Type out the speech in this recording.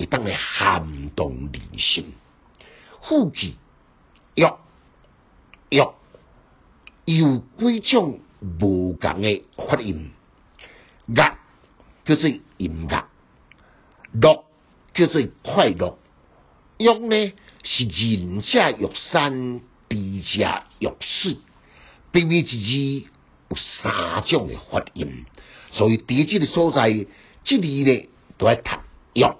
你當然撼動人心，附記，樂，樂，有幾種唔同嘅發音，樂叫做音樂，樂叫做快樂，樂呢是仁者樂山，智者樂水，並未自己有三種嘅發音，所以個地基嘅所在，這裏、個、呢都要讀樂。